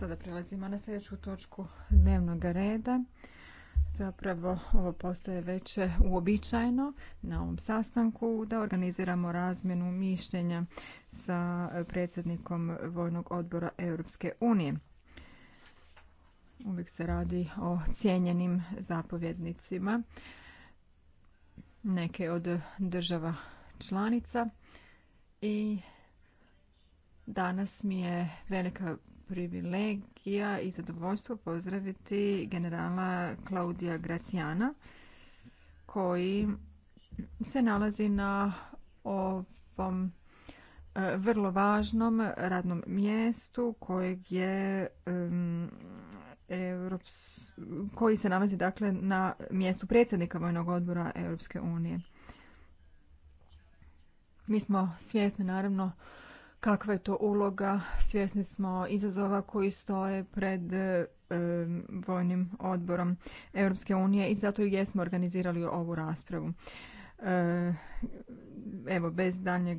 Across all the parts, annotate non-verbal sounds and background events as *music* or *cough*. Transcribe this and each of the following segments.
Sada prelazimo na sljedeću točku dnevnog reda. Zapravo ovo postaje već uobičajeno na ovom sastanku da organiziramo razmjenu mišljenja sa predsjednikom Vojnog odbora Europske unije. Uvijek se radi o cijenjenim zapovjednicima neke od država članica i danas mi je velika privilegija i zadovoljstvo pozdraviti generala Klaudija Gracijana koji se nalazi na ovom e, vrlo važnom radnom mjestu kojeg je koji se nalazi dakle na mjestu predsjednika Vojnog odbora Europske unije. Mi smo svjesni naravno kakva je to uloga. Svjesni smo izazova koji stoje pred vojnim odborom Europske unije i zato i jesmo organizirali ovu raspravu. Evo, bez daljnjeg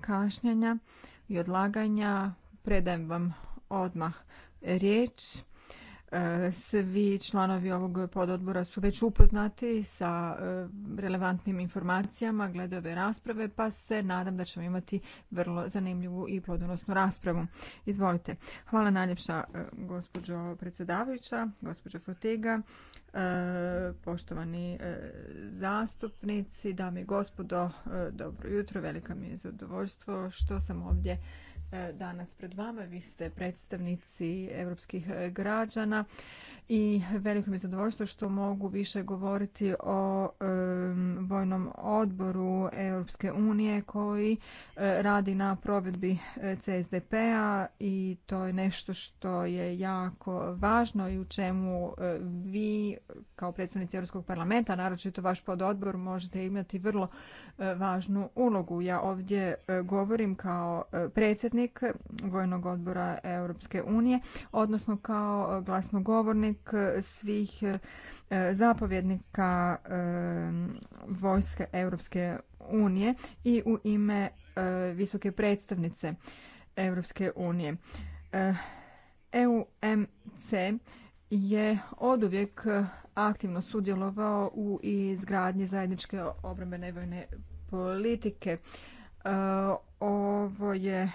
kašnjenja i odlaganja predajem vam odmah riječ. E, svi članovi ovog pododbora su već upoznati sa e, relevantnim informacijama glede ove rasprave, pa se nadam da ćemo imati vrlo zanimljivu i plodonosnu raspravu. Izvolite. Hvala najljepša e, gospođo predsjedavajuća, gospođo Fotiga, poštovani zastupnici, dame i gospodo, dobro jutro, velika mi je zadovoljstvo što sam ovdje danas pred vama. Vi ste predstavnici europskih građana i veliko mi zadovoljstvo što mogu više govoriti o vojnom odboru Europske unije koji e, radi na provedbi e, CSDP-a i to je nešto što je jako važno i u čemu e, vi kao predstavnici Europskog parlamenta, naročito vaš pododbor, možete imati vrlo važnu ulogu. Ja ovdje govorim kao predsjednik Vojnog odbora Europske unije, odnosno kao glasnogovornik E, svih e, zapovjednika e, vojske Europske unije i u ime visoke predstavnice Europske unije. EUMC je oduvijek aktivno sudjelovao u izgradnji zajedničke obrambene vojne politike. Ovo je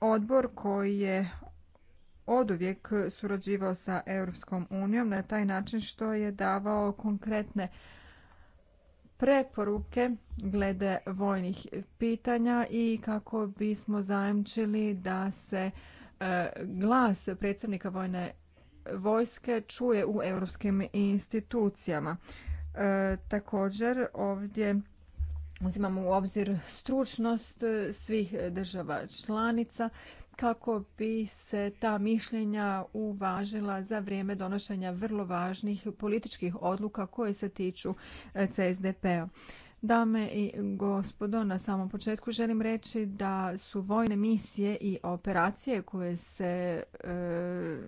odbor koji je oduvijek surađivao sa Europskom unijom na taj način što je davao konkretne preporuke glede vojnih pitanja i kako bismo zajamčili da se e, glas predstavnika vojne vojske čuje u europskim institucijama. E, također ovdje uzimamo u obzir stručnost svih država članica kako bi se ta mišljenja uvažila za vrijeme donošenja vrlo važnih političkih odluka koje se tiču e, CSDP-a. Dame i gospodo, na samom početku želim reći da su vojne misije i operacije koje se e,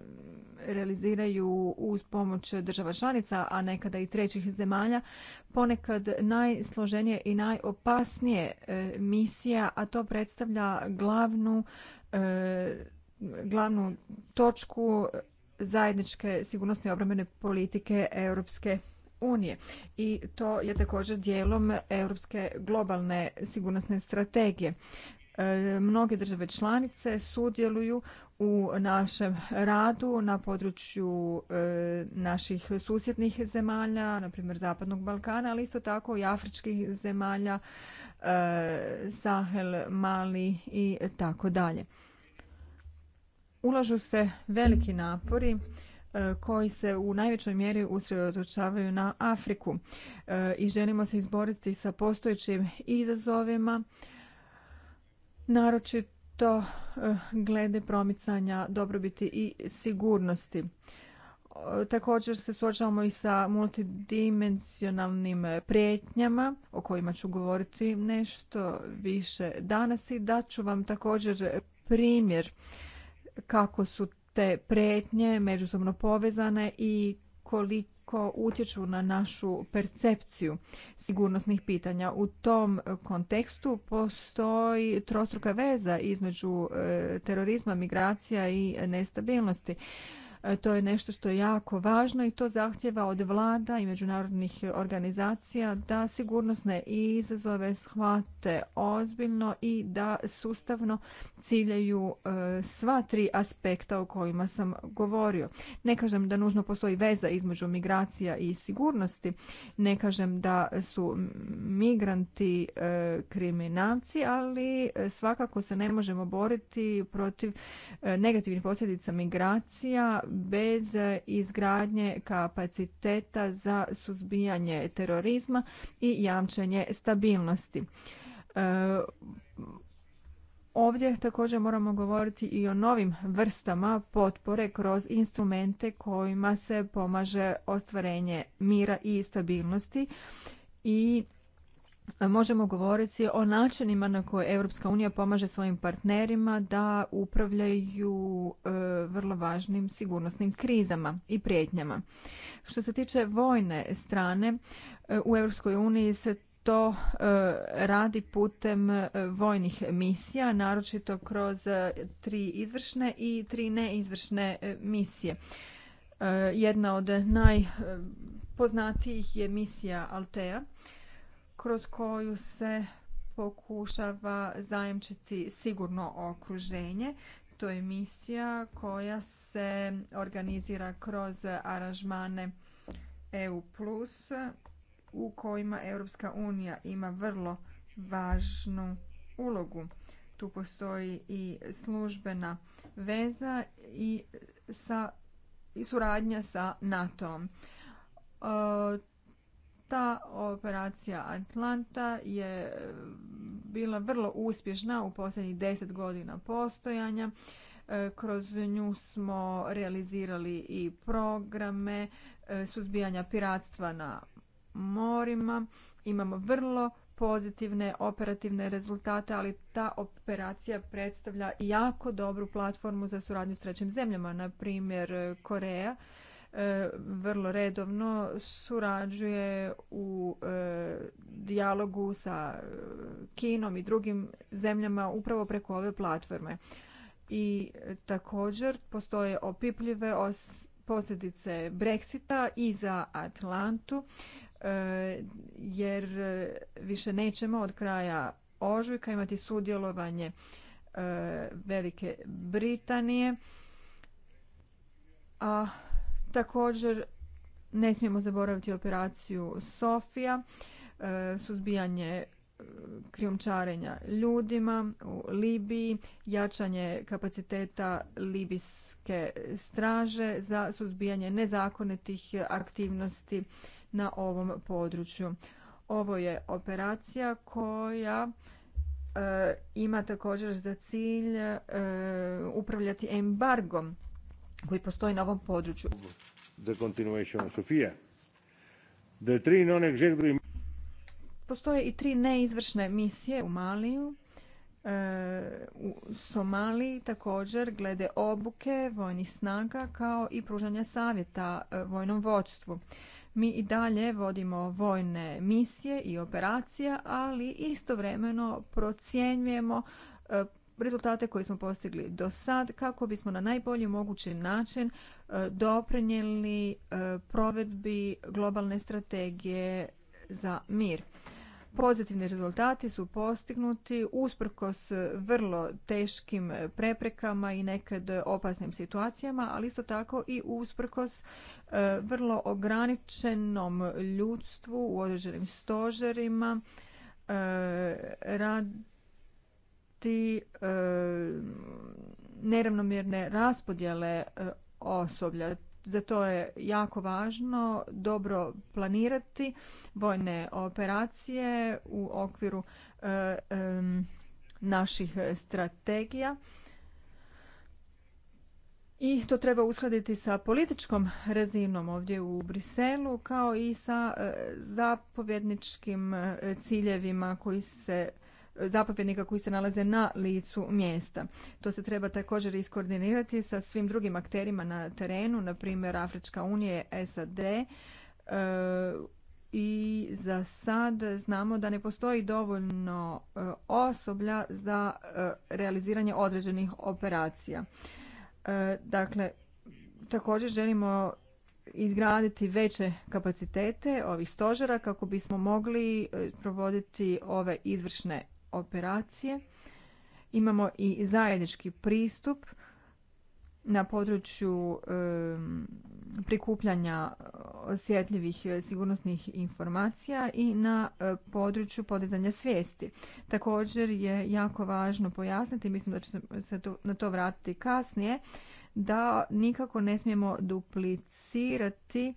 realiziraju uz pomoć država članica, a nekada i trećih zemalja, ponekad najsloženije i najopasnije e, misija, a to predstavlja glavnu E, glavnu točku zajedničke sigurnosne i obrambene politike Europske unije i to je također dijelom europske globalne sigurnosne strategije. E, mnoge države članice sudjeluju u našem radu na području e, naših susjednih zemalja, na primjer Zapadnog Balkana, ali isto tako i afričkih zemalja, E, Sahel, Mali i tako dalje. Ulažu se veliki napori e, koji se u najvećoj mjeri usredotočavaju na Afriku e, i želimo se izboriti sa postojećim izazovima, naročito glede promicanja dobrobiti i sigurnosti. Također se suočavamo i sa multidimensionalnim prijetnjama o kojima ću govoriti nešto više danas i ću vam također primjer kako su te prijetnje međusobno povezane i koliko utječu na našu percepciju sigurnosnih pitanja. U tom kontekstu postoji trostruka veza između e, terorizma, migracija i nestabilnosti. E, to je nešto što je jako važno i to zahtjeva od vlada i međunarodnih organizacija da sigurnosne izazove shvate ozbiljno i da sustavno ciljaju e, sva tri aspekta o kojima sam govorio. Ne kažem da nužno postoji veza između migracija i sigurnosti, ne kažem da su migranti e, kriminalci, ali svakako se ne možemo boriti protiv negativnih posljedica migracija bez izgradnje kapaciteta za suzbijanje terorizma i jamčenje stabilnosti. E, ovdje također moramo govoriti i o novim vrstama potpore kroz instrumente kojima se pomaže ostvarenje mira i stabilnosti i možemo govoriti o načinima na koje Europska unija pomaže svojim partnerima da upravljaju e, vrlo važnim sigurnosnim krizama i prijetnjama. Što se tiče vojne strane, e, u Europskoj uniji se to e, radi putem vojnih misija, naročito kroz tri izvršne i tri neizvršne misije. Jedna od najpoznatijih je misija Altea kroz koju se pokušava zajemčiti sigurno okruženje. To je misija koja se organizira kroz aranžmane EU+, u kojima Europska unija ima vrlo važnu ulogu. Tu postoji i službena veza i, i suradnja sa NATO-om. E, ta operacija Atlanta je bila vrlo uspješna u posljednjih deset godina postojanja. E, kroz nju smo realizirali i programe e, suzbijanja piratstva na morima. Imamo vrlo pozitivne operativne rezultate, ali ta operacija predstavlja jako dobru platformu za suradnju s trećim zemljama, na primjer e, Koreja E, vrlo redovno surađuje u e, dijalogu sa e, Kinom i drugim zemljama upravo preko ove platforme. I također postoje opipljive posljedice Brexita i za Atlantu jer više nećemo od kraja ožujka imati sudjelovanje Velike Britanije a Također ne smijemo zaboraviti operaciju Sofija, e, suzbijanje e, krijumčarenja ljudima u Libiji, jačanje kapaciteta libijske straže za suzbijanje nezakonitih aktivnosti na ovom području. Ovo je operacija koja e, ima također za cilj upravljati embargom koji postoji na ovom području. Postoje i tri neizvršne misije u Maliju, e, u Somaliji također glede obuke vojnih snaga kao i pružanja savjeta e, vojnom vodstvu. Mi i dalje vodimo vojne misije i operacije, ali istovremeno procjenjujemo e, rezultate koje smo postigli do sad kako bismo na najbolji mogući način e, doprinijeli e, provedbi globalne strategije za mir. Pozitivni rezultati su postignuti usprkos vrlo teškim preprekama i nekad opasnim situacijama, ali isto tako i usprkos e, vrlo ograničenom ljudstvu u određenim stožerima, rad ti e, neravnomjerne raspodjele e, osoblja. Za to je jako važno dobro planirati vojne operacije u okviru e, naših strategija. I to treba uskladiti sa političkom razinom ovdje u Briselu kao i sa zapovjedničkim ciljevima koji se zapovjednika koji se nalaze na licu mjesta. To se treba također iskoordinirati sa svim drugim akterima na terenu, na primjer Afrička unije, SAD, i za sad znamo da ne postoji dovoljno e, osoblja za e, realiziranje određenih operacija. E, dakle, također želimo izgraditi veće kapacitete ovih stožera kako bismo mogli provoditi ove izvršne operacije. Imamo i zajednički pristup na području prikupljanja osjetljivih sigurnosnih informacija i na e, području podizanja svijesti. Također je jako važno pojasniti, mislim da ću se na to vratiti kasnije, da nikako ne smijemo duplicirati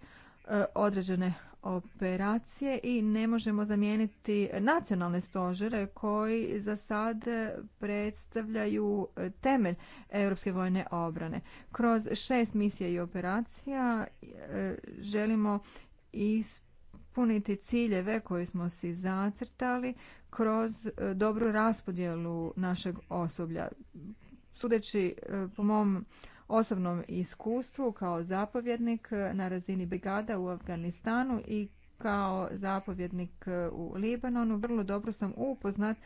e, određene operacije i ne možemo zamijeniti nacionalne stožere koji za sad predstavljaju temelj europske vojne obrane. Kroz šest misija i operacija e, želimo ispuniti ciljeve koje smo si zacrtali kroz e, dobru raspodjelu našeg osoblja. Sudeći e, po mom osobnom iskustvu kao zapovjednik na razini brigada u Afganistanu i kao zapovjednik e, u Libanonu vrlo dobro sam upoznat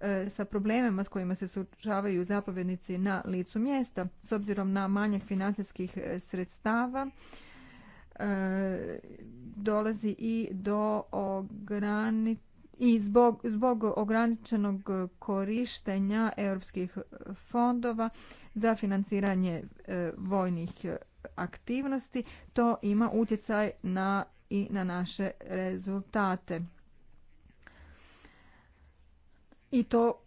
e, sa problemima s kojima se suočavaju zapovjednici na licu mjesta s obzirom na manjak financijskih e, sredstava dolazi i do ograni i zbog, zbog ograničenog korištenja europskih fondova za financiranje e, vojnih e, aktivnosti, to ima utjecaj na i na naše rezultate. I to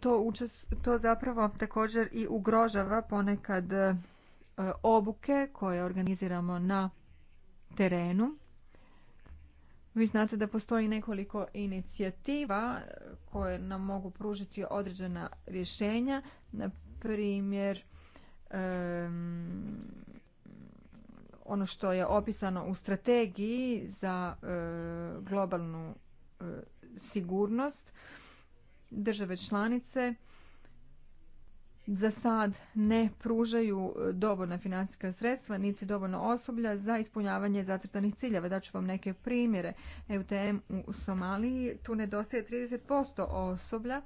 to, to zapravo također i ugrožava ponekad e, obuke koje organiziramo na terenu vi znate da postoji nekoliko inicijativa e, koje nam mogu pružiti određena rješenja, na primjer ono što je opisano u strategiji za e, globalnu e, sigurnost države članice za sad ne pružaju e, dovoljna financijska sredstva niti dovoljno osoblja za ispunjavanje zacrtanih ciljeva. Daću vam neke primjere. EUTM u Somaliji tu nedostaje 30% osoblja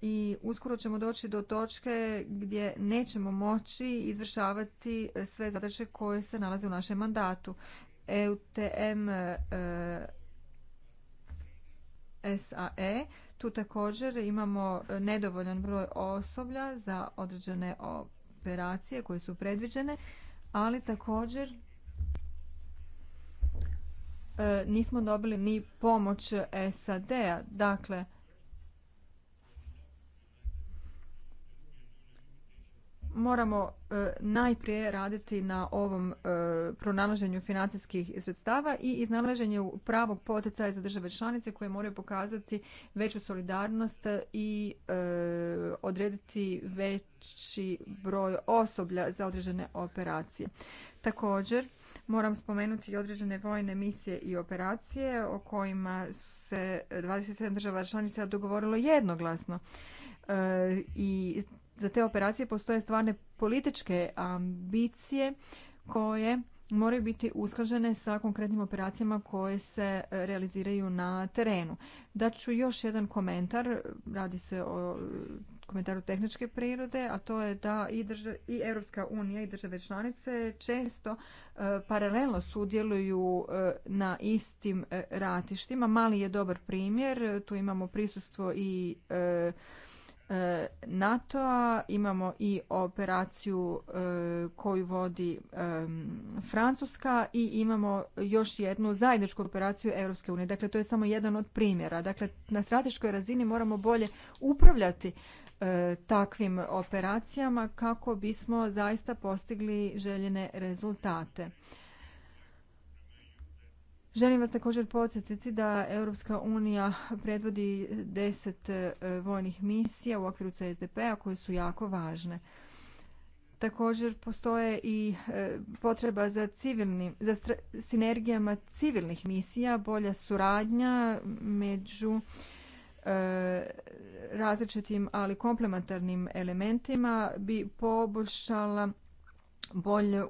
i uskoro ćemo doći do točke gdje nećemo moći izvršavati e, sve zadaće koje se nalaze u našem mandatu. EUTM SAE tu također imamo e, nedovoljan broj osoblja za određene operacije koje su predviđene, ali također e, nismo dobili ni pomoć SAD-a. Dakle, moramo e, najprije raditi na ovom e, pronalaženju financijskih sredstava i iznalaženju pravog poticaja za države članice koje moraju pokazati veću solidarnost i e, odrediti veći broj osoblja za određene operacije. Također, moram spomenuti i određene vojne misije i operacije o kojima se 27 država članica dogovorilo jednoglasno i za te operacije postoje stvarne političke ambicije koje moraju biti usklađene sa konkretnim operacijama koje se realiziraju na terenu. Daću još jedan komentar, radi se o komentaru tehničke prirode, a to je da i, EU i Europska unija i države članice često e, paralelno sudjeluju e, na istim e, ratištima. Mali je dobar primjer, tu imamo prisustvo i E, NATO-a, imamo i operaciju e, koju vodi Francuska i imamo još jednu zajedničku operaciju Europske unije. Dakle, to je samo jedan od primjera. Dakle, na strateškoj razini moramo bolje upravljati e, takvim operacijama kako bismo zaista postigli željene rezultate. Želim vas također podsjetiti da Europska unija predvodi deset e, vojnih misija u okviru CSDP-a koje su jako važne. Također postoje i e, potreba za, civilni, za sinergijama civilnih misija, bolja suradnja među e, različitim, ali komplementarnim elementima bi poboljšala bolje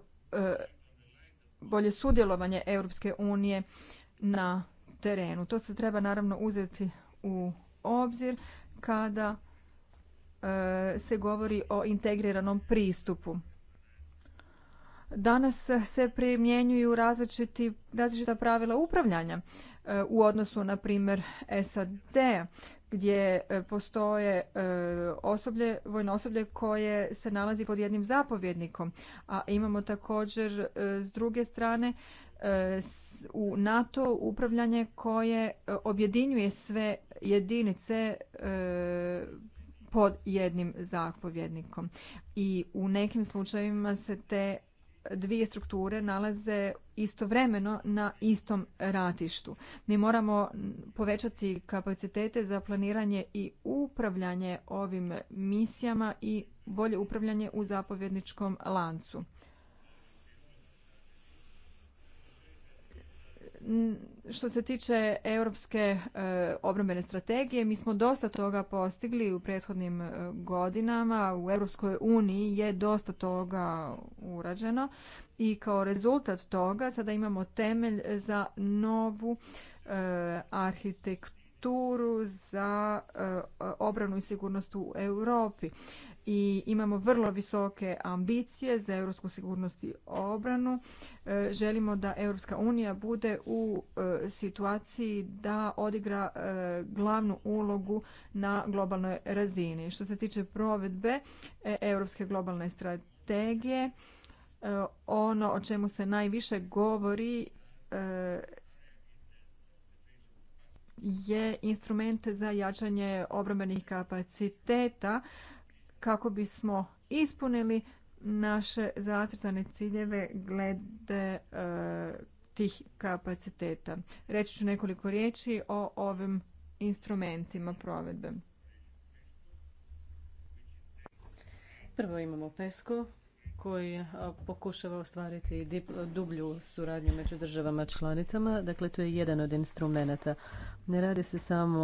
bolje sudjelovanje Europske unije na terenu. To se treba naravno uzeti u obzir kada e, se govori o integriranom pristupu. Danas se primjenjuju različita pravila upravljanja e, u odnosu na primjer SAD gdje e, postoje e, osoblje, vojno osoblje koje se nalazi pod jednim zapovjednikom. A imamo također e, s druge strane u NATO upravljanje koje objedinjuje sve jedinice pod jednim zapovjednikom. I u nekim slučajevima se te dvije strukture nalaze istovremeno na istom ratištu. Mi moramo povećati kapacitete za planiranje i upravljanje ovim misijama i bolje upravljanje u zapovjedničkom lancu. Što se tiče europske e, obrambene strategije, mi smo dosta toga postigli u prethodnim e, godinama. U Europskoj uniji je dosta toga urađeno i kao rezultat toga sada imamo temelj za novu e, arhitekturu za obranu i sigurnost u Europi i imamo vrlo visoke ambicije za europsku sigurnost i obranu. E, želimo da Europska unija bude u e, situaciji da odigra e, glavnu ulogu na globalnoj razini. Što se tiče provedbe europske globalne strategije, ono o čemu se najviše govori je instrument za jačanje obrambenih kapaciteta kako bismo ispunili naše zacrtane ciljeve glede e, tih kapaciteta. Reći ću nekoliko riječi o ovim instrumentima provedbe. Prvo imamo PESCO koji e, pokušava ostvariti dublju suradnju među državama članicama. Dakle, to je jedan od instrumenata. Ne radi se samo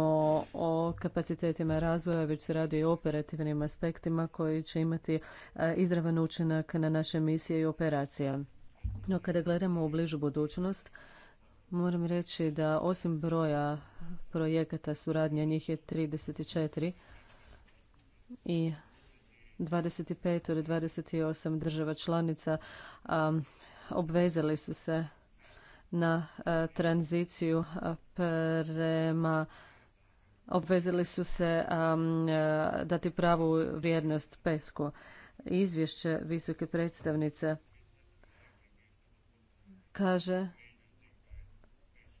o kapacitetima razvoja, već se radi i o operativnim aspektima koji će imati e, izravan učinak na naše misije i operacije. No kada gledamo u bližu budućnost, moram reći da osim broja projekata suradnja, njih je 34 i 25 ili 28 država članica obvezali su se na e, tranziciju e, prema obvezili su se e, dati pravu vrijednost pesku izvješće visoke predstavnice kaže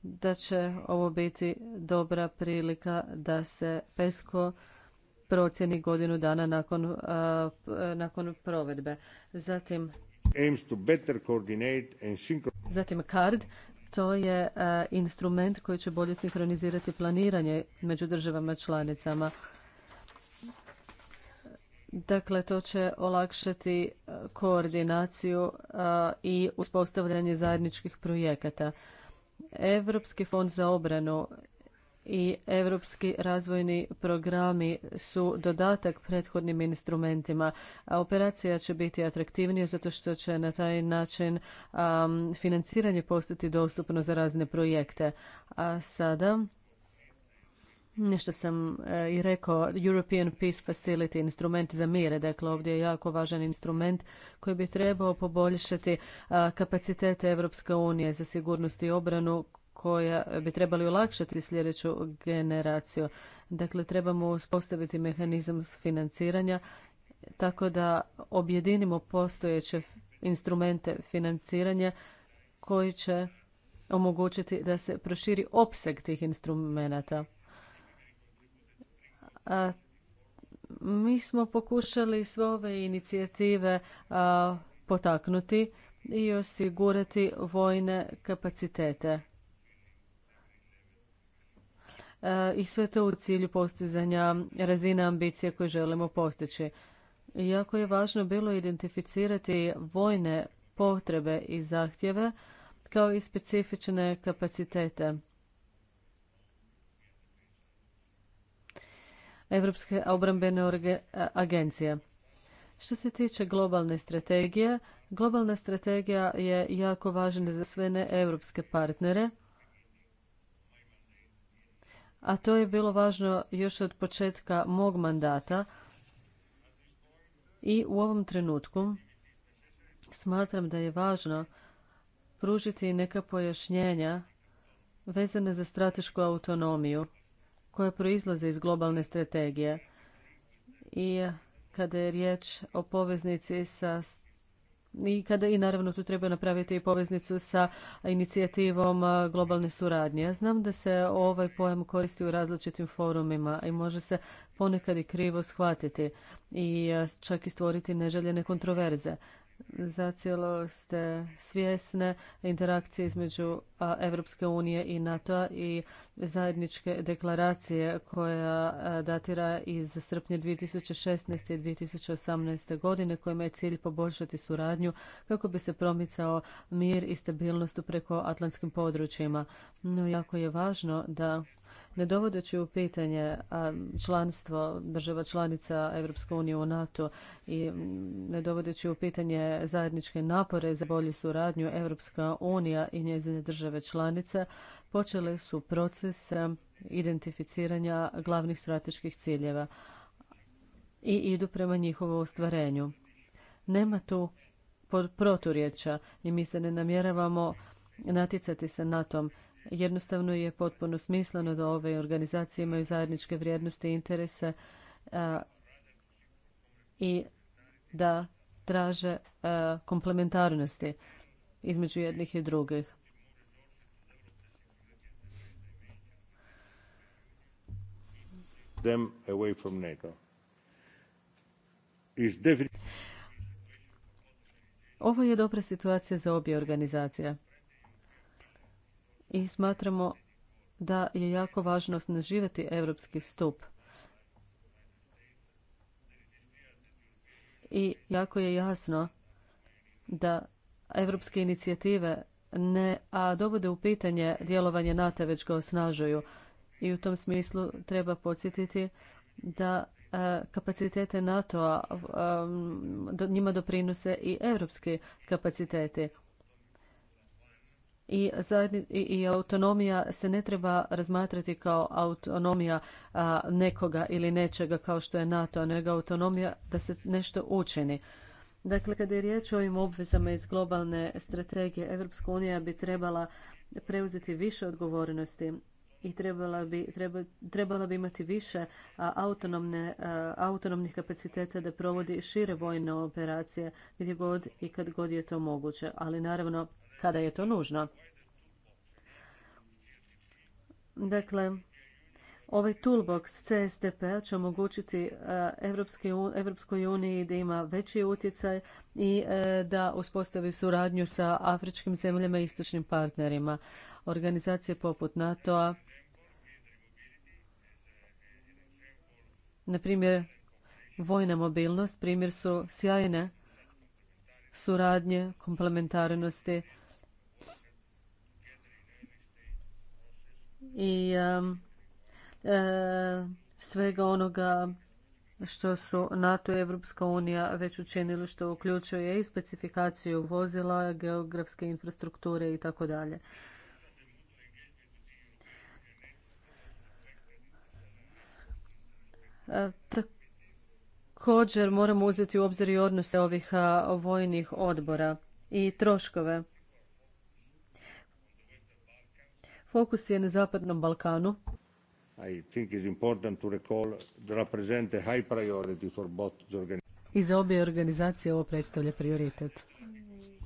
da će ovo biti dobra prilika da se PESCO procjeni godinu dana nakon, nakon provedbe. Zatim Zatim CARD, to je e, instrument koji će bolje sinhronizirati planiranje među državama članicama. Dakle, to će olakšati e, koordinaciju e, i uspostavljanje zajedničkih projekata. Europski fond za obranu i europski razvojni programi su dodatak prethodnim instrumentima. operacija će biti atraktivnija zato što će na taj način financiranje postati dostupno za razne projekte. A sada Nešto sam e, i rekao, European Peace Facility, instrument za mire, dakle ovdje je jako važan instrument koji bi trebao poboljšati kapacitete Europske unije za sigurnost i obranu koja bi trebali olakšati sljedeću generaciju. Dakle, trebamo uspostaviti mehanizam financiranja tako da objedinimo postojeće instrumente financiranja koji će omogućiti da se proširi opseg tih instrumenata. mi smo pokušali sve ove inicijative potaknuti i osigurati vojne kapacitete. E, i sve to u cilju postizanja razina ambicija koje želimo postići. Jako je važno bilo identificirati vojne potrebe i zahtjeve kao i specifične kapacitete. Evropske obrambene e, agencije. Što se tiče globalne strategije, globalna strategija je jako važna za sve neevropske europske partnere a to je bilo važno još od početka mog mandata i u ovom trenutku smatram da je važno pružiti neka pojašnjenja vezane za stratešku autonomiju koja proizlaze iz globalne strategije i kada je riječ o poveznici sa i kada i naravno tu treba napraviti i poveznicu sa inicijativom globalne suradnje. Ja znam da se ovaj pojam koristi u različitim forumima i može se ponekad i krivo shvatiti i čak i stvoriti neželjene kontroverze. Za cijelo ste svjesne interakcije između Evropske unije i NATO i zajedničke deklaracije koja datira iz srpnja 2016. i 2018. godine kojima je cilj poboljšati suradnju kako bi se promicao mir i stabilnost u preko atlantskim područjima. No, jako je važno da ne dovodeći u pitanje članstvo država članica Europske unije u NATO i ne dovodeći u pitanje zajedničke napore za bolju suradnju Europska unija i njezine države članice počele su proces identificiranja glavnih strateških ciljeva i idu prema njihovo ostvarenju. Nema tu proturječa i mi se ne namjeravamo natjecati se NATO-om Jednostavno je potpuno smisleno da ove organizacije imaju zajedničke vrijednosti i interese i da traže komplementarnosti između jednih i drugih. Them away from NATO. Ovo je dobra situacija za obje organizacije i smatramo da je jako važno osnaživati europski stup. I jako je jasno da europske inicijative ne a dovode u pitanje djelovanje NATO već ga osnažuju. I u tom smislu treba podsjetiti da e, kapacitete NATO-a njima doprinose i europski kapaciteti i, autonomija se ne treba razmatrati kao autonomija nekoga ili nečega kao što je NATO, nego autonomija da se nešto učini. Dakle, kada je riječ o ovim obvezama iz globalne strategije, Evropska unija bi trebala preuzeti više odgovornosti i trebala bi, treba, trebala bi imati više autonomne, autonomnih kapaciteta da provodi šire vojne operacije gdje god i kad god je to moguće. Ali naravno, kada je to nužno. Dakle, Ovaj toolbox CSTP će omogućiti e, Evropskoj uniji da ima veći utjecaj i e, da uspostavi suradnju sa afričkim zemljama i istočnim partnerima. Organizacije poput NATO-a, na primjer vojna mobilnost, primjer su sjajne suradnje, komplementarnosti i e, svega onoga što su NATO i Evropska unija već učinili što uključuje i specifikaciju vozila, geografske infrastrukture i tako dalje. E, također moramo uzeti u obzir i odnose ovih vojnih odbora i troškove. Fokus je na Zapadnom Balkanu. I think it's important to recall represent high priority for both the I za obje organizacije ovo predstavlja prioritet.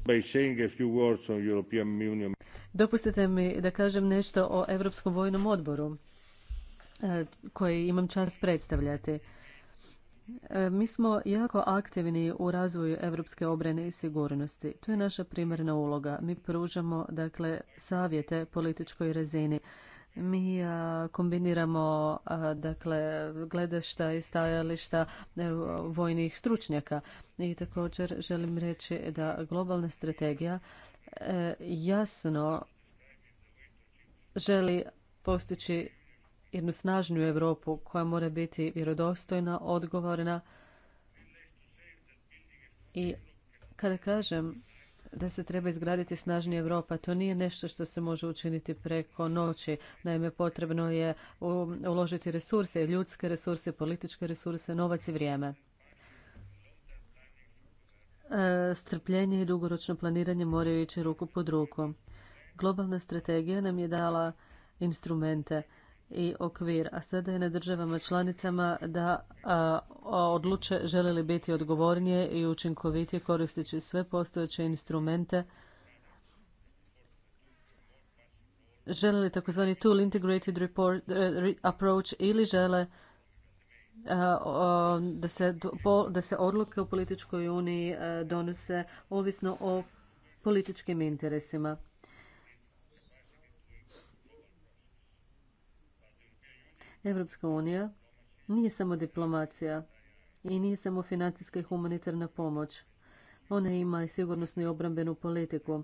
By saying a few words on European Union. Dopustite mi da kažem nešto o Europskom vojnom odboru e, koji imam čast predstavljati. E, mi smo jako aktivni u razvoju europske obrane i sigurnosti. To je naša primjerna uloga. Mi pružamo dakle savjete političkoj razini. Mi kombiniramo a, dakle gledešta i stajališta e, vojnih stručnjaka i također želim reći da globalna strategija e, jasno želi postići jednu snažnju Europu koja mora biti vjerodostojna, odgovorna. I kada kažem da se treba izgraditi snažnija Europa, to nije nešto što se može učiniti preko noći. Naime, potrebno je uložiti resurse, ljudske resurse, političke resurse, novac i vrijeme. E, strpljenje i dugoročno planiranje moraju ići ruku pod ruku. Globalna strategija nam je dala instrumente i okvir, a sada je na državama članicama da odluče žele li biti odgovornije i učinkovitije koristeći sve postojeće instrumente žele li takozvani tool integrated e, approach ili žele da se, da se odluke u političkoj uniji e, donose ovisno o političkim interesima. Evropska unija nije samo diplomacija i nije samo financijska i humanitarna pomoć. Ona ima i sigurnosnu i obrambenu politiku.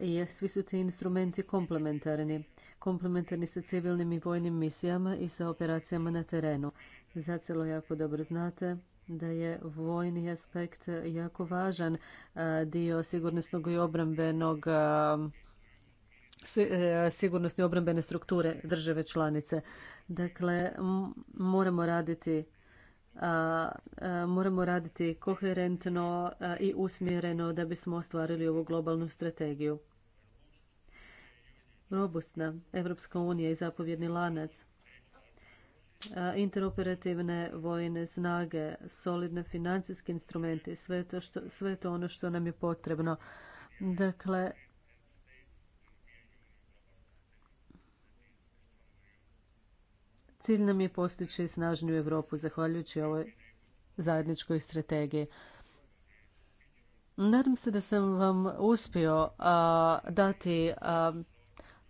I svi su ti instrumenti komplementarni. Komplementarni sa civilnim i vojnim misijama i sa operacijama na terenu. Zacelo jako dobro znate da je vojni aspekt jako važan dio sigurnosnog i obrambenog E, sigurnosne obrambene strukture države članice. Dakle, moramo raditi a, e, moramo raditi koherentno i usmjereno da bismo ostvarili ovu globalnu strategiju. Robustna Evropska unija i zapovjedni lanac, interoperativne vojne snage, solidne financijski instrumenti, sve to, što, sve to ono što nam je potrebno. Dakle, Cilj nam je postići snažniju Europu zahvaljujući ovoj zajedničkoj strategiji. Nadam se da sam vam uspio dati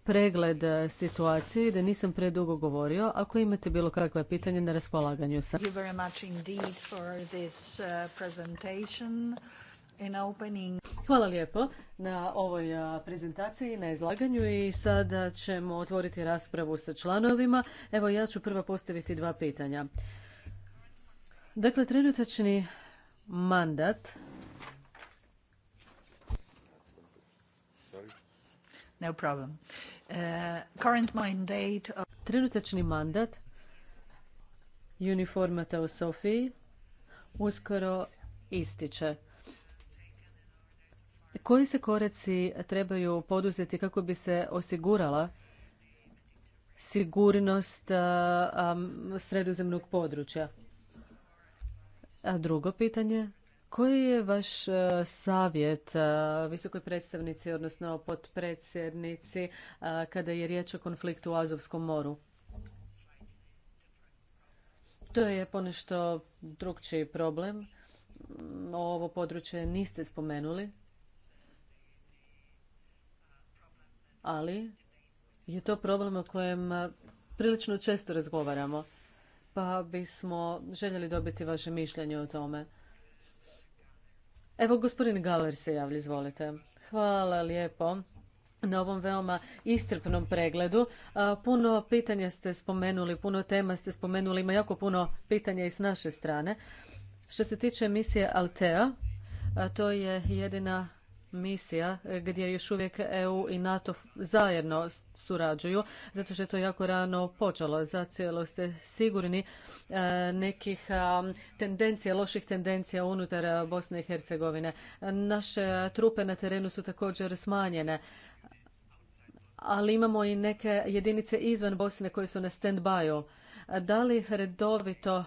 pregled situacije i da nisam predugo govorio. Ako imate bilo kakva pitanja, na raspolaganju sam. Hvala lijepo na ovoj prezentaciji, na izlaganju i sada ćemo otvoriti raspravu sa članovima. Evo ja ću prvo postaviti dva pitanja. Dakle, trenutačni mandat No problem. Uh, trenutačni mandat uniformata u Sofiji uskoro ističe. Koji se koraci trebaju poduzeti kako bi se osigurala sigurnost sredozemnog područja? A drugo pitanje, koji je vaš savjet visokoj predstavnici, odnosno potpredsjednici, kada je riječ o konfliktu u Azovskom moru? To je ponešto drugčiji problem. Ovo područje niste spomenuli. ali je to problem o kojem prilično često razgovaramo, pa bismo željeli dobiti vaše mišljenje o tome. Evo, gospodin Galer se javlja, izvolite. Hvala lijepo na ovom veoma iscrpnom pregledu. Puno pitanja ste spomenuli, puno tema ste spomenuli, ima jako puno pitanja i s naše strane. Što se tiče emisije Altea, to je jedina misija gdje još uvijek EU i NATO zajedno surađuju, zato što je to jako rano počelo. Za cijelo ste sigurni e, nekih tendencija, loših tendencija unutar e, Bosne i Hercegovine. Naše e, trupe na terenu su također smanjene ali imamo i neke jedinice izvan Bosne koje su na stand da li redovito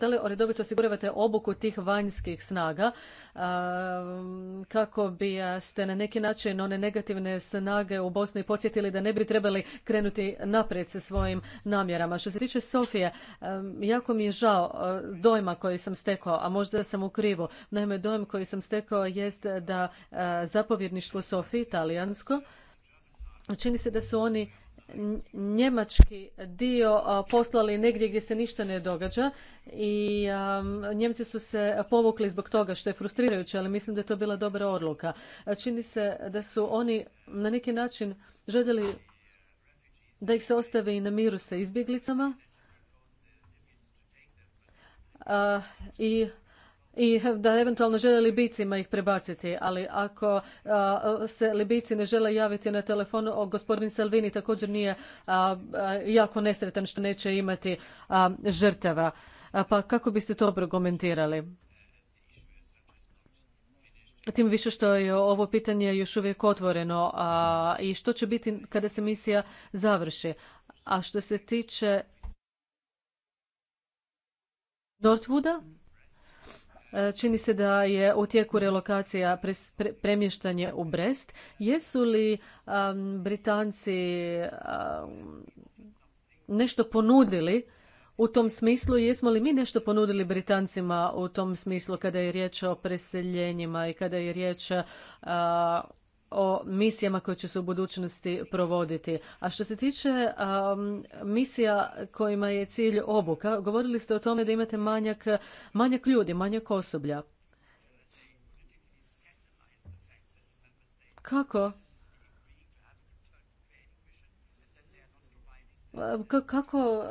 da li redovito osiguravate obuku tih vanjskih snaga kako bi ste na neki način one negativne snage u Bosni podsjetili da ne bi trebali krenuti naprijed sa svojim namjerama. Što se tiče Sofije, jako mi je žao dojma koji sam stekao, a možda sam u krivu. Naime, dojam koji sam stekao jest da zapovjedništvo Sofije, italijansko, čini se da su oni njemački dio poslali negdje gdje se ništa ne događa i Njemci su se povukli zbog toga što je frustrirajuće, ali mislim da je to bila dobra odluka. Čini se da su oni na neki način željeli da ih se ostave i na miru sa izbjeglicama i i da eventualno žele libicima ih prebaciti, ali ako se libici ne žele javiti na telefon, o, gospodin Salvini također nije jako nesretan što neće imati žrtava. Pa kako biste to prokomentirali? Tim više što je ovo pitanje još uvijek otvoreno i što će biti kada se misija završi. A što se tiče Northwooda, E, čini se da je u tijeku relokacija premještanje u Brest. Jesu li Britanci nešto ponudili u tom smislu jesmo li mi nešto ponudili Britancima u tom smislu kada je riječ o preseljenjima i kada je riječ o o misijama koje će se u budućnosti provoditi. A što se tiče misija kojima je cilj obuka, govorili ste o tome da imate manjak, manjak ljudi, manjak osoblja. Kako Kako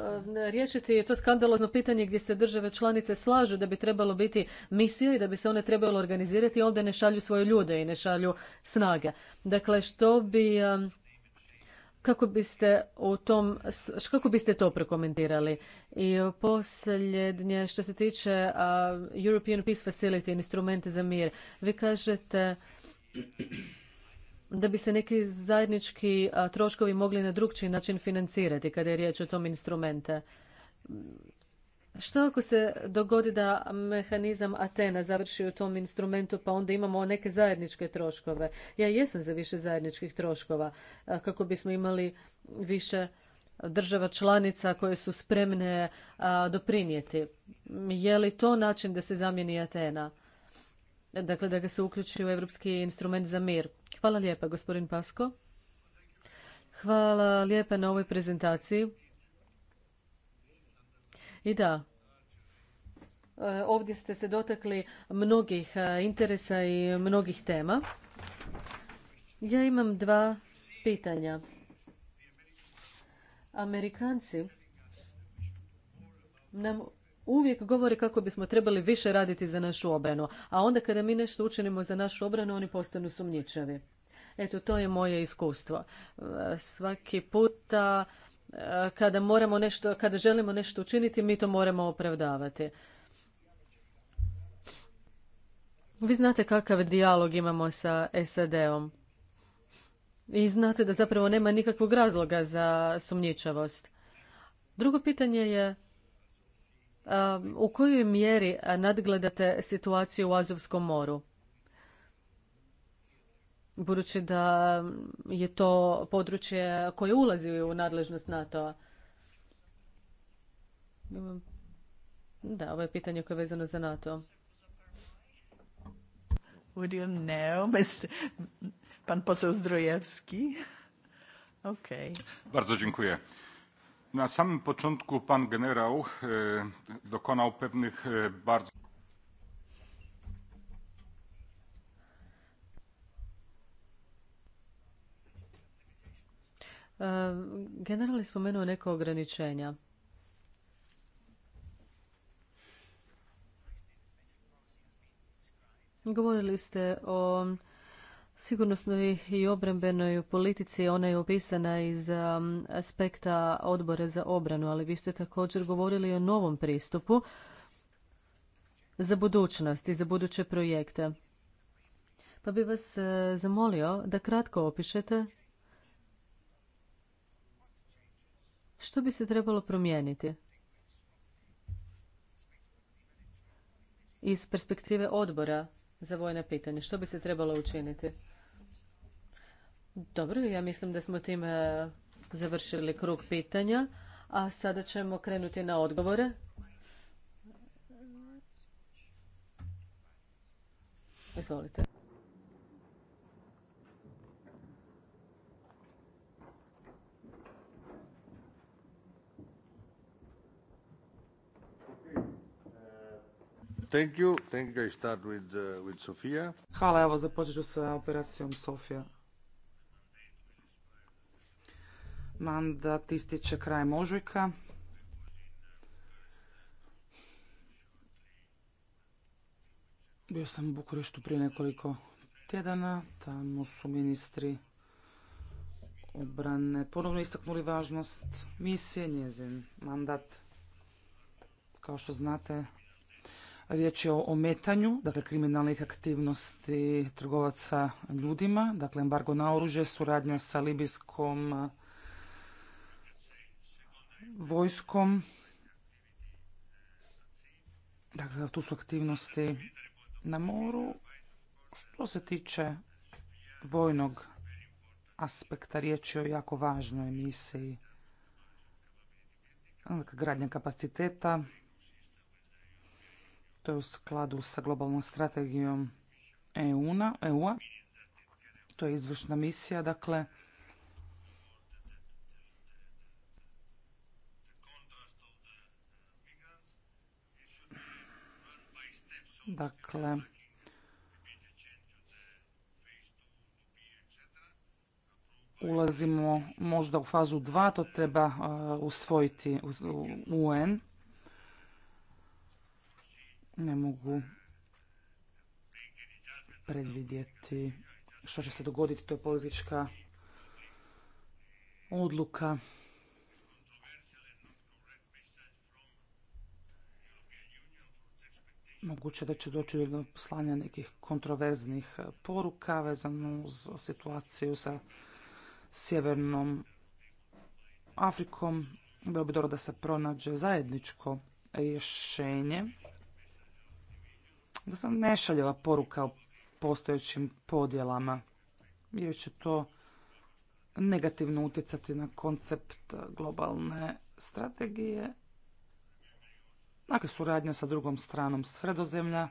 e, riješiti to skandalozno pitanje gdje se države članice slažu da bi trebalo biti misija i da bi se one trebalo organizirati, onda ne šalju svoje ljude i ne šalju snage. Dakle, što bi... E, kako biste, u tom, kako biste to prokomentirali? I posljednje, što se tiče e, European Peace Facility, instrumente za mir, vi kažete da bi se neki zajednički troškovi mogli na drugčiji način financirati kada je riječ o tom instrumente. Što ako se dogodi da mehanizam Atena završi u tom instrumentu pa onda imamo neke zajedničke troškove? Ja jesam za više zajedničkih troškova kako bismo imali više država članica koje su spremne doprinijeti. Je li to način da se zamijeni Atena? Dakle, da ga se uključi u Europski instrument za mir. Hvala lijepa, gospodin Pasko. Hvala lijepa na ovoj prezentaciji. I da, e, ovdje ste se dotakli mnogih e, interesa i mnogih tema. Ja imam dva pitanja. Amerikanci nam uvijek govori kako bismo trebali više raditi za našu obranu, a onda kada mi nešto učinimo za našu obranu, oni postanu sumnjičavi. Eto, to je moje iskustvo. E, svaki puta e, kada, moramo nešto, kada želimo nešto učiniti, mi to moramo opravdavati. Vi znate kakav dijalog imamo sa SAD-om. I znate da zapravo nema nikakvog razloga za sumnjičavost. Drugo pitanje je u kojoj mjeri e, nadgledate situaciju u Azovskom moru? Budući da je to područje koje ulazi u nadležnost NATO-a. Da, ovo je pitanje koje je vezano za NATO. Would you know, *laughs* Pan poseł Zdrojewski. *laughs* Okay. Bardzo dziękuję. Na samym początku pan generał e, dokonał pewnych e, bardzo... E, general je spomenuo neko ograničenja. Govorili ste o sigurnosnoj i obrambenoj politici ona je opisana iz um, aspekta odbora za obranu, ali vi ste također govorili o novom pristupu za budućnost i za buduće projekte. Pa bi vas e, zamolio da kratko opišete što bi se trebalo promijeniti iz perspektive odbora za vojna pitanja. Što bi se trebalo učiniti? Dobro, ja mislim da smo time e, završili krug pitanja, a sada ćemo krenuti na odgovore. Izvolite. Thank you. Uh, Sofia. Hvala, evo započet ću sa operacijom Sofia. Mandat ističe krajem ožujka. Bio sam u Bukureštu prije nekoliko tjedana. Tamo su ministri obrane ponovno istaknuli važnost misije njezin mandat. Kao što znate, Riječ je o ometanju, dakle kriminalnih aktivnosti trgovaca ljudima, dakle embargo na oružje, suradnja sa libijskom eh, vojskom. Dakle, tu su aktivnosti na moru. Što se tiče vojnog aspekta, riječ je o jako važnoj misiji. Dakle, gradnja kapaciteta, to je u skladu sa globalnom strategijom EU-a. E to je izvršna misija, dakle, Dakle, ulazimo možda u fazu 2, to treba usvojiti e UN ne mogu predvidjeti što će se dogoditi. To je politička odluka. Moguće da će doći do slanja nekih kontroverznih poruka vezano uz situaciju sa Sjevernom Afrikom. Bilo bi dobro da se pronađe zajedničko rješenje da sam ova poruka o postojećim podjelama, jer će to negativno utjecati na koncept globalne strategije. Dakle, suradnja sa drugom stranom sredozemlja.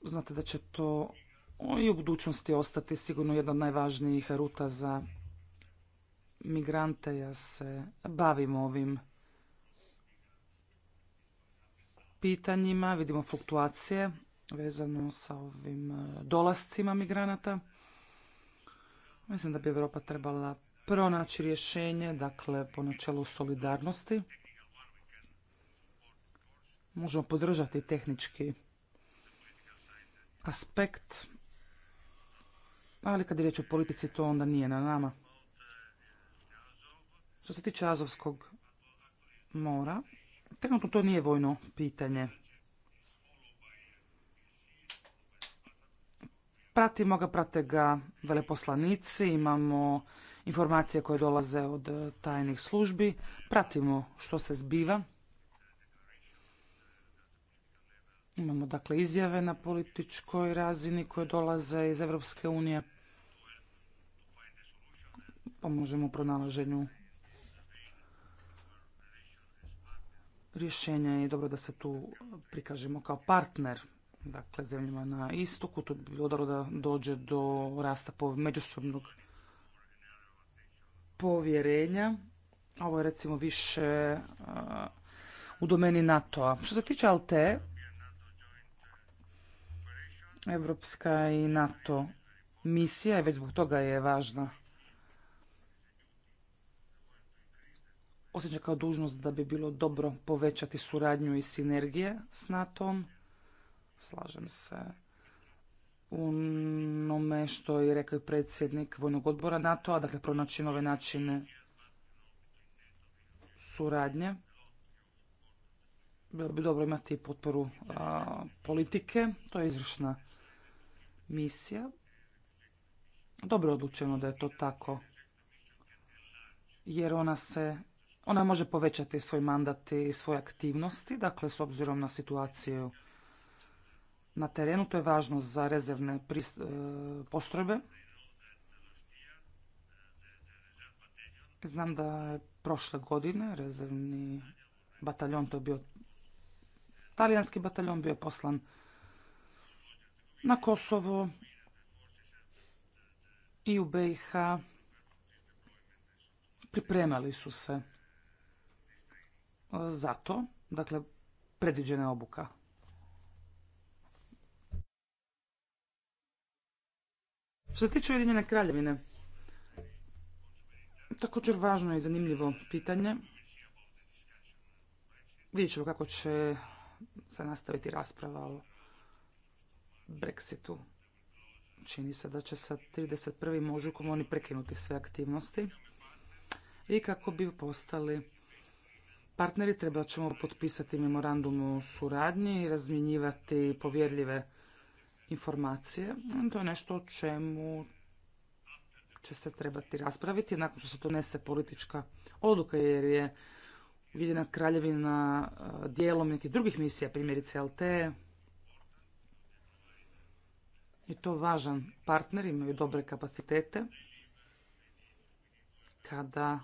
Znate da će to i u budućnosti ostati sigurno jedna od najvažnijih ruta za migrante. Ja se bavim ovim pitanjima, vidimo fluktuacije vezano sa ovim e, dolascima migranata. Mislim da bi Europa trebala pronaći rješenje, dakle po načelu solidarnosti. Možemo podržati tehnički aspekt, ali kad je riječ o politici to onda nije na nama. Što se tiče Azovskog mora, Trenutno to nije vojno pitanje. Pratimo ga, prate ga veleposlanici, imamo informacije koje dolaze od e, tajnih službi, pratimo što se zbiva. Imamo dakle izjave na političkoj razini koje dolaze iz Europske unije. Pomožemo pa u pronalaženju rješenja je dobro da se tu prikažemo kao partner dakle, zemljama na istoku. Tu bi bilo dobro da dođe do rasta međusobnog povjerenja. Ovo je recimo više uh, u domeni NATO-a. Što se tiče ALTE, Evropska i NATO misija i već zbog toga je važna. osjeća kao dužnost da bi bilo dobro povećati suradnju i sinergije s NATO-om. Slažem se u onome što je rekao predsjednik Vojnog odbora NATO-a, dakle pronaći nove načine suradnje. Bilo bi dobro imati potporu politike, to je izvršna misija. Dobro je odlučeno da je to tako, jer ona se ona može povećati svoj mandat i svoje aktivnosti, dakle s obzirom na situaciju na terenu. To je važno za rezervne e, postrojbe. Znam da je prošle godine rezervni bataljon, to je bio talijanski bataljon, bio je poslan na Kosovo i u BiH pripremali su se zato, dakle, predviđena obuka. Što se tiče Ujedinjene kraljevine, također važno i zanimljivo pitanje. Vidjet ćemo kako će se nastaviti rasprava o Brexitu. Čini se da će sa 31. ožujkom oni prekinuti sve aktivnosti i kako bi postali partneri, treba ćemo potpisati memorandum o suradnji i razmjenjivati povjerljive informacije. To je nešto o čemu će se trebati raspraviti nakon što se donese politička odluka jer je Ujedinjena kraljevina dijelom nekih drugih misija, primjerice LTE. I to važan partner, imaju dobre kapacitete. Kada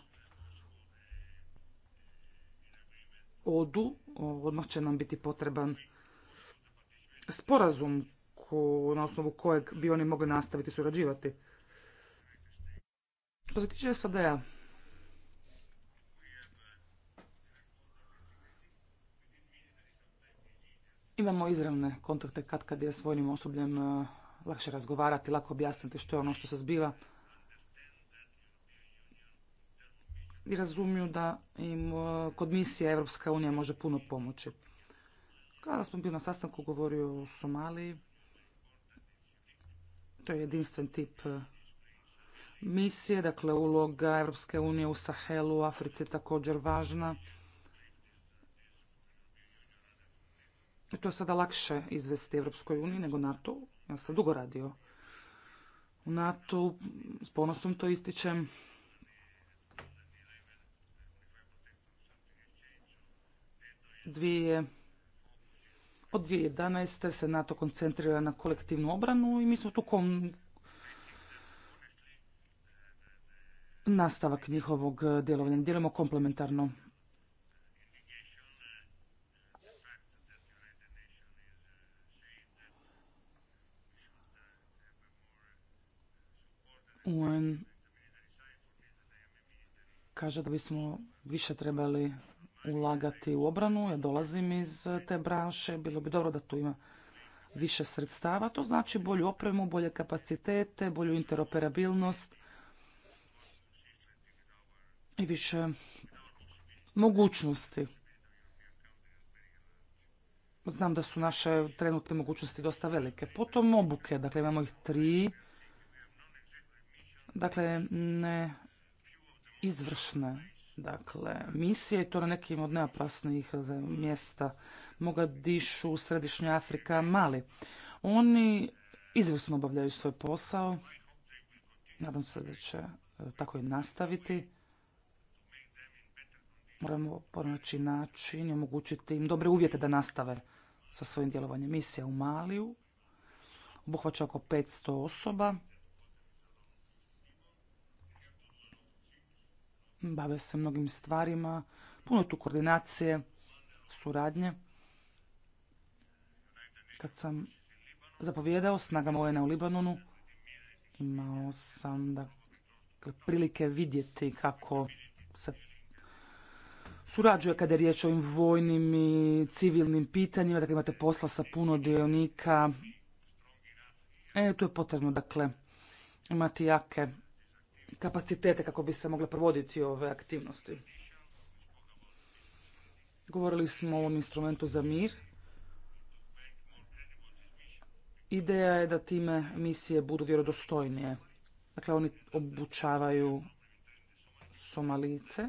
odu, odmah će nam biti potreban sporazum na osnovu kojeg bi oni mogli nastaviti surađivati. Što se tiče SAD-a, imamo izravne kontakte kad kad je s vojnim osobljem eh, lakše razgovarati, lako objasniti što je ono što se zbiva. i razumiju da im e, kod misije Evropska unija može puno pomoći. Kada smo bili na sastanku govorio o Somaliji, to je jedinstven tip e, misije, dakle uloga Evropske unije u Sahelu, u Africi je također važna. I to je sada lakše izvesti Evropskoj uniji nego NATO. Ja sam dugo radio u NATO, s ponosom to ističem. dvije od 2011. se NATO koncentrira na kolektivnu obranu i mi smo tu kom... nastavak njihovog eh, djelovanja. Djelujemo komplementarno. UN kaže da bismo više trebali ulagati u obranu, ja dolazim iz te branše, bilo bi dobro da tu ima više sredstava, to znači bolju opremu, bolje kapacitete, bolju interoperabilnost i više mogućnosti. Znam da su naše trenutne mogućnosti dosta velike. Potom obuke, dakle imamo ih tri. Dakle, ne izvršne dakle, misije i to na nekim od najopasnijih eh, mjesta Mogadišu, Središnja Afrika, Mali. Oni izvrsno obavljaju svoj posao. Nadam se da će eh, tako i nastaviti. Moramo pronaći način i omogućiti im dobre uvjete da nastave sa svojim djelovanjem. Misija u Maliju obuhvaća oko 500 osoba. bave se mnogim stvarima, puno tu koordinacije, suradnje. Kad sam zapovjedao snaga Mojena u Libanonu, imao sam dakle, prilike vidjeti kako se surađuje kada je riječ o ovim vojnim i civilnim pitanjima, dakle imate posla sa puno dionika. E, tu je potrebno, dakle, imati jake kapacitete kako bi se mogle provoditi ove aktivnosti. Govorili smo o ovom instrumentu za mir. Ideja je da time misije budu vjerodostojnije. Dakle, oni obučavaju Somalice.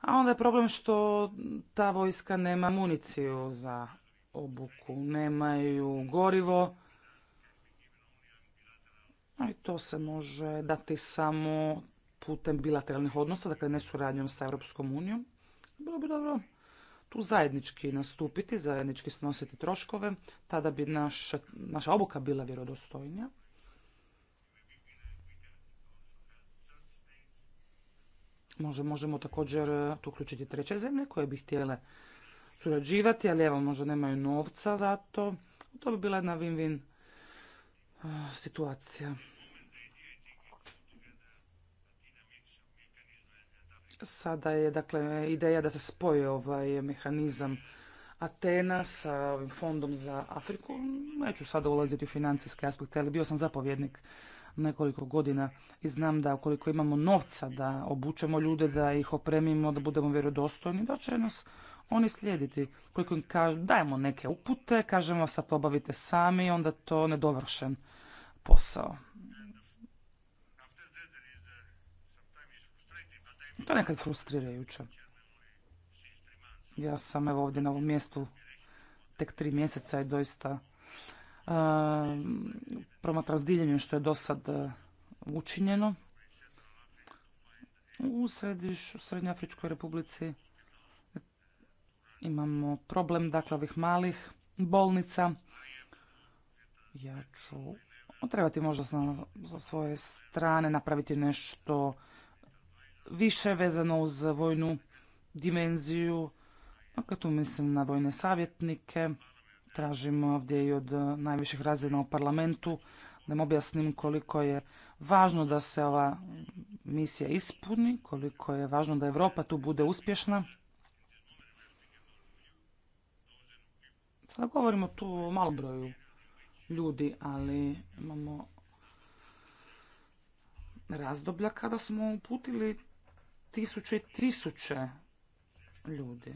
A onda je problem što ta vojska nema municiju za obuku, nemaju gorivo, i to se može dati samo putem bilateralnih odnosa, dakle ne suradnjom sa Europskom unijom. Bilo bi dobro tu zajednički nastupiti, zajednički snositi troškove, tada bi naša, obuka bila vjerodostojnija. Možemo, možemo također tu uključiti treće zemlje koje bi htjele surađivati, ali evo možda nemaju novca za to. To bi bila jedna win-win situacija. Sada je dakle ideja da se spoji ovaj mehanizam Atena sa fondom za Afriku. Neću sada ulaziti u financijske aspekte, ali bio sam zapovjednik nekoliko godina i znam da ukoliko imamo novca da obučemo ljude, da ih opremimo, da budemo vjerodostojni, da će nas oni slijediti. Koliko im dajemo neke upute, kažemo sad to obavite sami, onda to nedovršen posao. To je nekad frustrirajuće. Ja sam evo ovdje na ovom mjestu tek tri mjeseca i doista uh, promatram s što je do sad e, učinjeno. U, središ, u republici imamo problem dakle ovih malih bolnica. Ja ću trebati možda sa svoje strane napraviti nešto više vezano uz vojnu dimenziju. A tu mislim na vojne savjetnike, tražimo ovdje i od najviših razina u parlamentu da im objasnim koliko je važno da se ova misija ispuni, koliko je važno da Europa tu bude uspješna. Sada govorimo tu o malom broju ljudi, ali imamo razdoblja kada smo uputili tisuće i tisuće ljudi.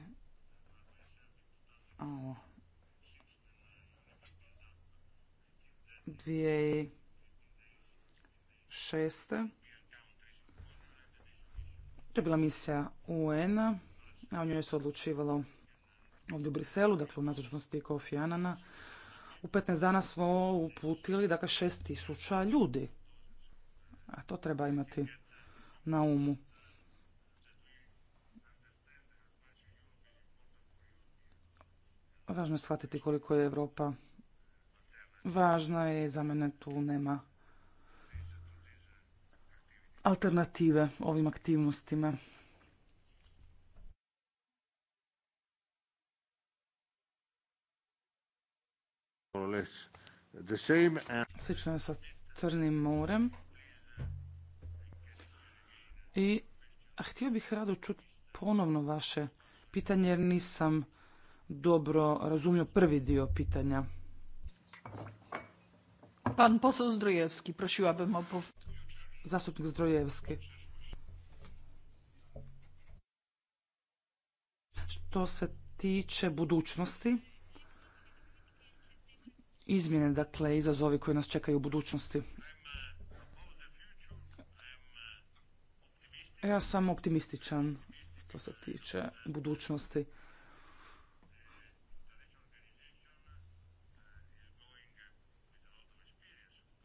tisuće 2006. To je bila misija UN-a, a u njoj se odlučivalo ovdje u Briselu, dakle u nazočnosti Kofi Anana. U 15 dana smo uputili dakle, tisuća ljudi. A to treba imati na umu. Važno je shvatiti koliko je Europa važna i za mene tu nema alternative ovim aktivnostima. Slično je sa Crnim morem. I htio bih rado čuti ponovno vaše pitanje jer nisam dobro razumio prvi dio pitanja. Pan poseł Zdrojewski, prosiłabym o pow... Zastupnik Zdrojevski. Što se tiče budućnosti, izmjene, dakle, izazovi koji nas čekaju u budućnosti. Ja sam optimističan što se tiče budućnosti.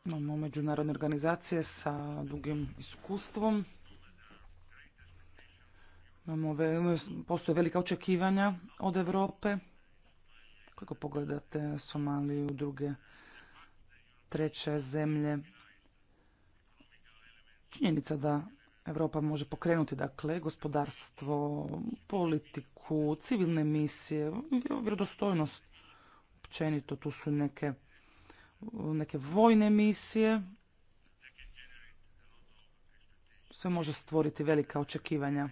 Imamo međunarodne organizacije sa dugim iskustvom. Imamo, postoje velika očekivanja od Europe. Kako pogledate Somaliju, druge treće zemlje, činjenica da Europa može pokrenuti dakle gospodarstvo, politiku, civilne misije, vjerodostojnost općenito tu su neke neke vojne misije. Sve može stvoriti velika očekivanja.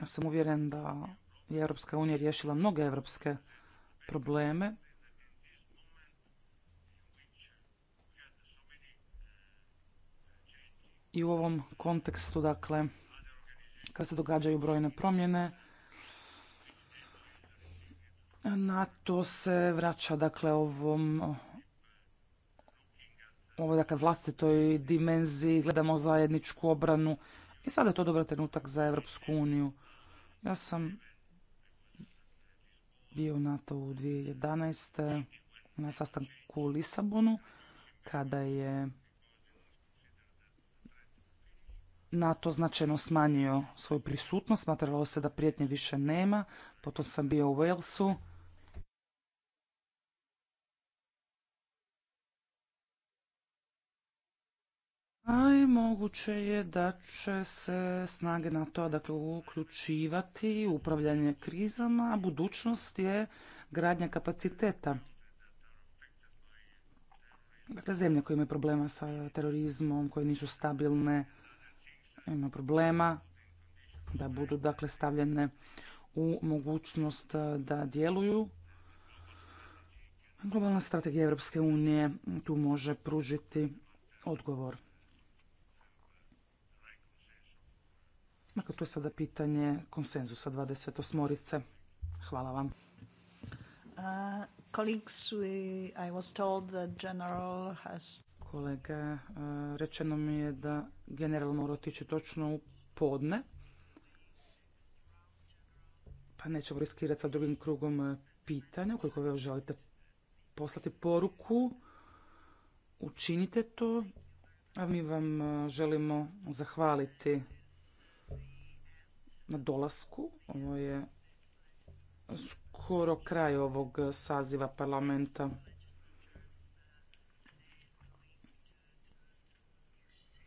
Ja sam uvjeren da je Europska unija rješila mnoge europske probleme. I u ovom kontekstu, dakle, kada se događaju brojne promjene, NATO se vraća dakle ovom ovoj dakle vlastitoj dimenziji, gledamo zajedničku obranu i sada je to dobar trenutak za Europsku uniju. Ja sam bio u NATO u 2011. na sastanku u Lisabonu kada je NATO značajno smanjio svoju prisutnost, smatralo se da prijetnje više nema. Potom sam bio u Walesu Ali moguće je da će se snage na to dakle, uključivati upravljanje krizama, a budućnost je gradnja kapaciteta. Dakle, zemlje koje imaju problema sa terorizmom, koje nisu stabilne, imaju problema da budu dakle, stavljene u mogućnost da djeluju. Globalna strategija Europske unije tu može pružiti odgovor. Dakle, tu je sada pitanje konsenzusa 28 orice. Hvala vam. Uh, I general Kolege, uh, rečeno mi je da general mora otići točno u podne. Pa nećemo riskirati sa drugim krugom uh, pitanja. Ukoliko vi želite poslati poruku, učinite to. A mi vam želimo zahvaliti na dolasku. Ovo je skoro kraj ovog saziva parlamenta.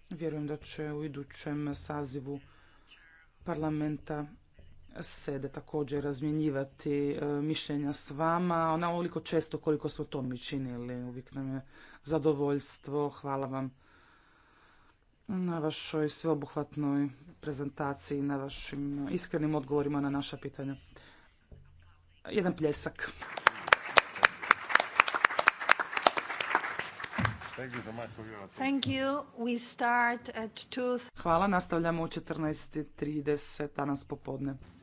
Vjerujem da će u idućem sazivu parlamenta sede također razmjenjivati e, mišljenja s vama, onoliko često koliko smo to mi činili. Uvijek nam je zadovoljstvo. Hvala vam na vašoj sveobuhvatnoj prezentaciji, na vašim iskrenim odgovorima na naša pitanja. Jedan pljesak. Hvala, nastavljamo u 14.30 danas popodne.